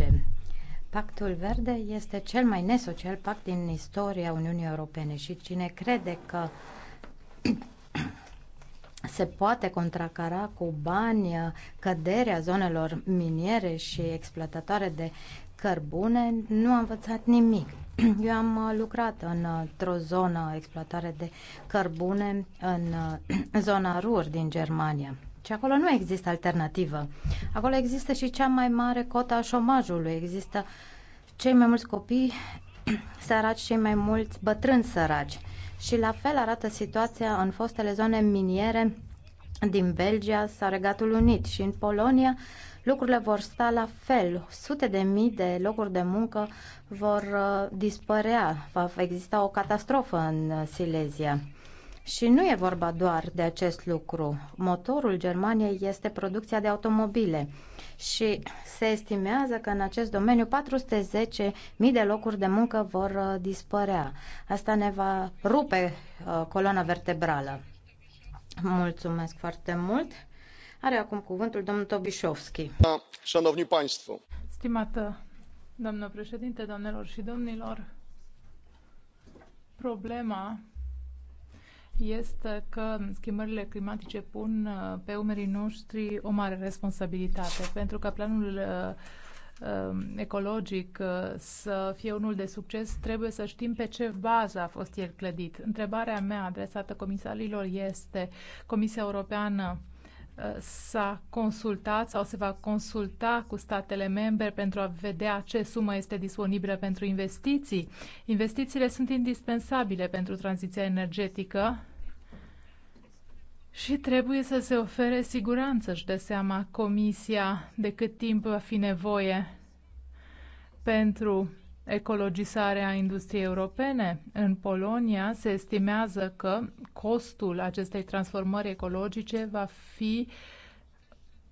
Pactul Verde este cel mai nesocial pact din istoria Uniunii Europene și cine crede că se poate contracara cu bani căderea zonelor miniere și exploatatoare de cărbune, nu am învățat nimic. Eu am uh, lucrat uh, într-o zonă exploatare de cărbune în uh, zona Ruhr din Germania. Și acolo nu există alternativă. Acolo există și cea mai mare cota a șomajului. Există cei mai mulți copii săraci, cei mai mulți bătrâni săraci. Și la fel arată situația în fostele zone miniere din Belgia sau Regatul Unit și în Polonia lucrurile vor sta la fel. Sute de mii de locuri de muncă vor uh, dispărea. Va exista o catastrofă în uh, Silesia. Și nu e vorba doar de acest lucru. Motorul Germaniei este producția de automobile și se estimează că în acest domeniu 410.000 de locuri de muncă vor uh, dispărea. Asta ne va rupe uh, coloana vertebrală. Mulțumesc foarte mult. Are acum cuvântul domnul Tobișovski. Da, șanovni Państwo. Stimată doamnă președinte, doamnelor și domnilor, problema este că schimbările climatice pun uh, pe umerii noștri o mare responsabilitate, pentru că planul uh, uh, ecologic să fie unul de succes, trebuie să știm pe ce bază a fost el clădit. Întrebarea mea adresată comisarilor este Comisia Europeană s-a consultat sau se va consulta cu statele membre pentru a vedea ce sumă este disponibilă pentru investiții. Investițiile sunt indispensabile pentru tranziția energetică și trebuie să se ofere siguranță, își dă seama Comisia, de cât timp va fi nevoie pentru ecologizarea industriei europene. În Polonia se estimează că costul acestei transformări ecologice va fi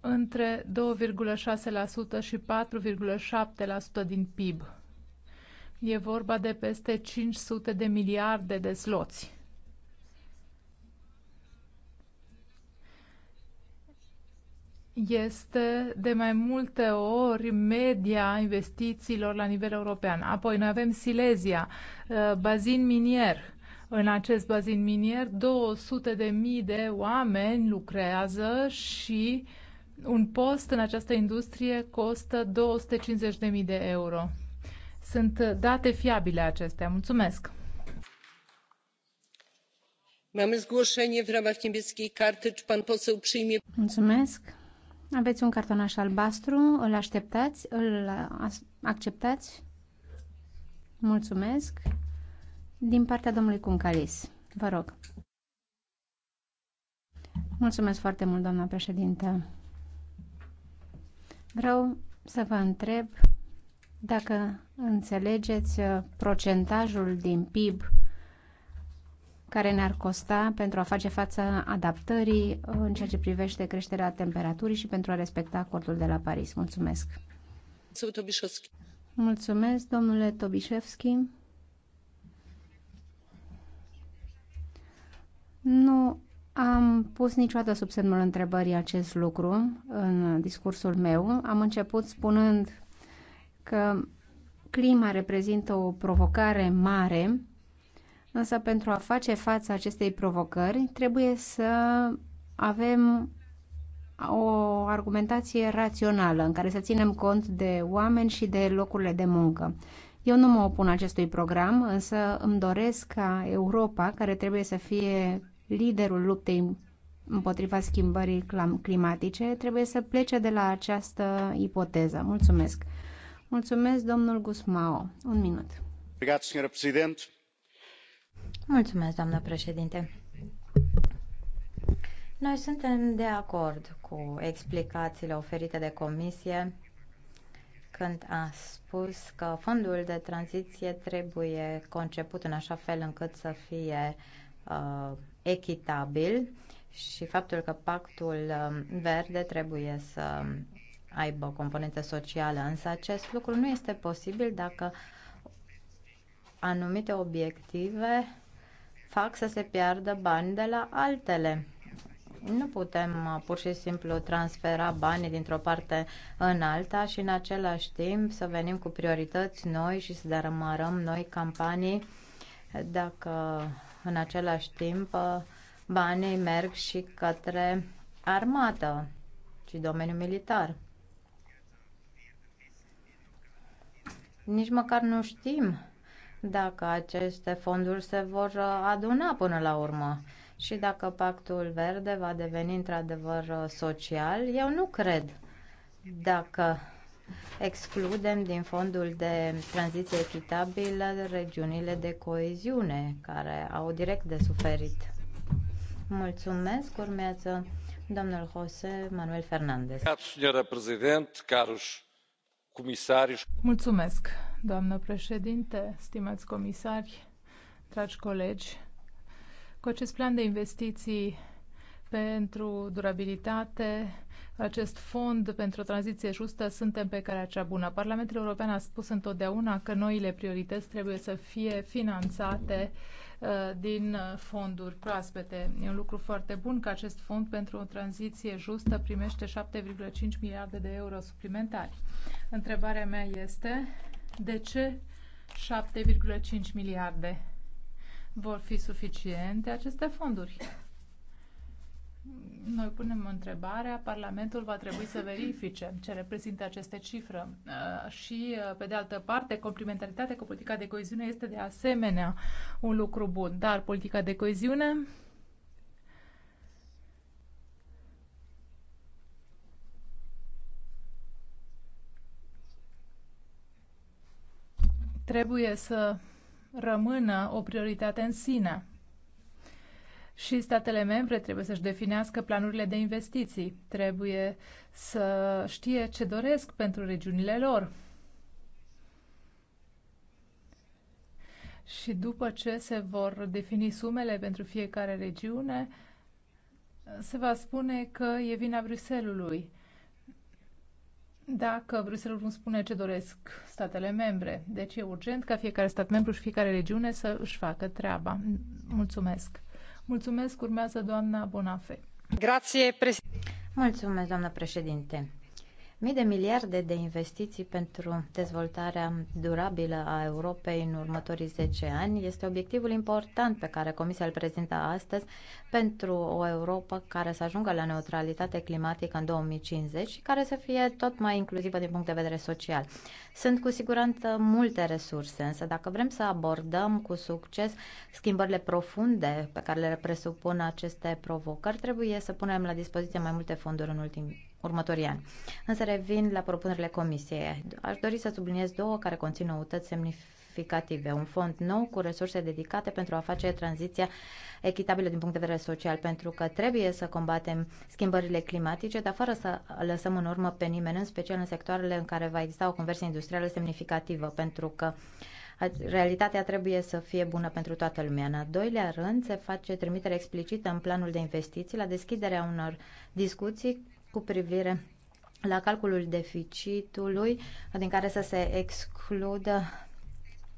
între 2,6% și 4,7% din PIB. E vorba de peste 500 de miliarde de sloți. este de mai multe ori media investițiilor la nivel european. Apoi noi avem Silesia, uh, bazin minier. În acest bazin minier 200 de mii de oameni lucrează și un post în această industrie costă 250 de mii de euro. Sunt uh, date fiabile acestea. Mulțumesc! Mamy zgłoszenie w ramach niebieskiej karty. Czy pan poseł przyjmie? Mulțumesc. Aveți un cartonaș albastru, îl așteptați, îl acceptați? Mulțumesc. Din partea domnului Cuncalis, vă rog. Mulțumesc foarte mult, doamna președintă. Vreau să vă întreb dacă înțelegeți uh, procentajul din PIB care ne-ar costa pentru a face față adaptării în ceea ce privește creșterea temperaturii și pentru a respecta acordul de la Paris. Mulțumesc! Mulțumesc, domnule Tobișevski. Nu am pus niciodată sub semnul întrebării acest lucru în discursul meu. Am început spunând că clima reprezintă o provocare mare Însă pentru a face față acestei provocări trebuie să avem o argumentație rațională în care să ținem cont de oameni și de locurile de muncă. Eu nu mă opun acestui program, însă îmi doresc ca Europa, care trebuie să fie liderul luptei împotriva schimbării climatice, trebuie să plece de la această ipoteză. Mulțumesc. Mulțumesc, domnul Gusmao. Un minut. Obrigado, senhora Presidente. Mulțumesc, doamnă președinte. Noi suntem de acord cu explicațiile oferite de comisie când a spus că fondul de tranziție trebuie conceput în așa fel încât să fie uh, echitabil și faptul că pactul uh, verde trebuie să aibă o componentă socială, însă acest lucru nu este posibil dacă uh, anumite obiective fac să se piardă bani de la altele. Nu putem uh, pur și simplu transfera banii dintr-o parte în alta și în același timp să venim cu priorități noi și să derămărăm noi campanii dacă în același timp uh, banii merg și către armată și domeniul militar. Nici măcar nu știm dacă aceste fonduri se vor uh, aduna până la urmă și dacă pactul verde va deveni într-adevăr uh, social. Eu nu cred dacă excludem din fondul de tranziție echitabilă regiunile de coeziune care au direct de suferit. Mulțumesc. Urmează domnul José Manuel Fernández. caros comisari. Mulțumesc, doamnă președinte, stimați comisari, dragi colegi. Cu acest plan de investiții pentru durabilitate, acest fond pentru o tranziție justă, suntem pe calea cea bună. Parlamentul European a spus întotdeauna că noile priorități trebuie să fie finanțate uh, Uh, din uh, fonduri proaspete. E un lucru foarte bun că acest fond pentru o tranziție justă primește 7,5 miliarde de euro suplimentari. Întrebarea mea este de ce 7,5 miliarde vor fi suficiente aceste fonduri? noi punem întrebarea, Parlamentul va trebui să verifice ce reprezintă aceste cifre. Uh, și, uh, pe de altă parte, complementaritatea cu politica de coeziune este de asemenea un lucru bun. Dar politica de coeziune trebuie să rămână o prioritate în sine și statele membre trebuie să-și definească planurile de investiții. Trebuie să știe ce doresc pentru regiunile lor. Și după ce se vor defini sumele pentru fiecare regiune, se va spune că e vina Bruselului. Dacă Bruselul nu spune ce doresc statele membre. Deci e urgent ca fiecare stat membru și fiecare regiune să își facă treaba. Mulțumesc! Mulțumesc, urmează doamna Bonafe. Grație, președinte. Mulțumesc, doamnă președinte. Mii de miliarde de investiții pentru dezvoltarea durabilă a Europei în următorii 10 ani este obiectivul important pe care Comisia îl prezintă astăzi pentru o Europa care să ajungă la neutralitate climatică în 2050 și care să fie tot mai inclusivă din punct de vedere social. Sunt cu siguranță multe resurse, însă dacă vrem să abordăm cu succes schimbările profunde pe care le presupun aceste provocări, trebuie să punem la dispoziție mai multe fonduri în ultimii următorii ani. Însă revin la propunerile Comisiei. Aș dori să subliniez două care conțin noutăți semnificative. Un fond nou cu resurse dedicate pentru a face tranziția echitabilă din punct de vedere social, pentru că trebuie să combatem schimbările climatice, dar fără să lăsăm în urmă pe nimeni, în special în sectoarele în care va exista o conversie industrială semnificativă, pentru că realitatea trebuie să fie bună pentru toată lumea. În al doilea rând, se face trimitere explicită în planul de investiții la deschiderea unor discuții cu privire la calculul deficitului din care să se excludă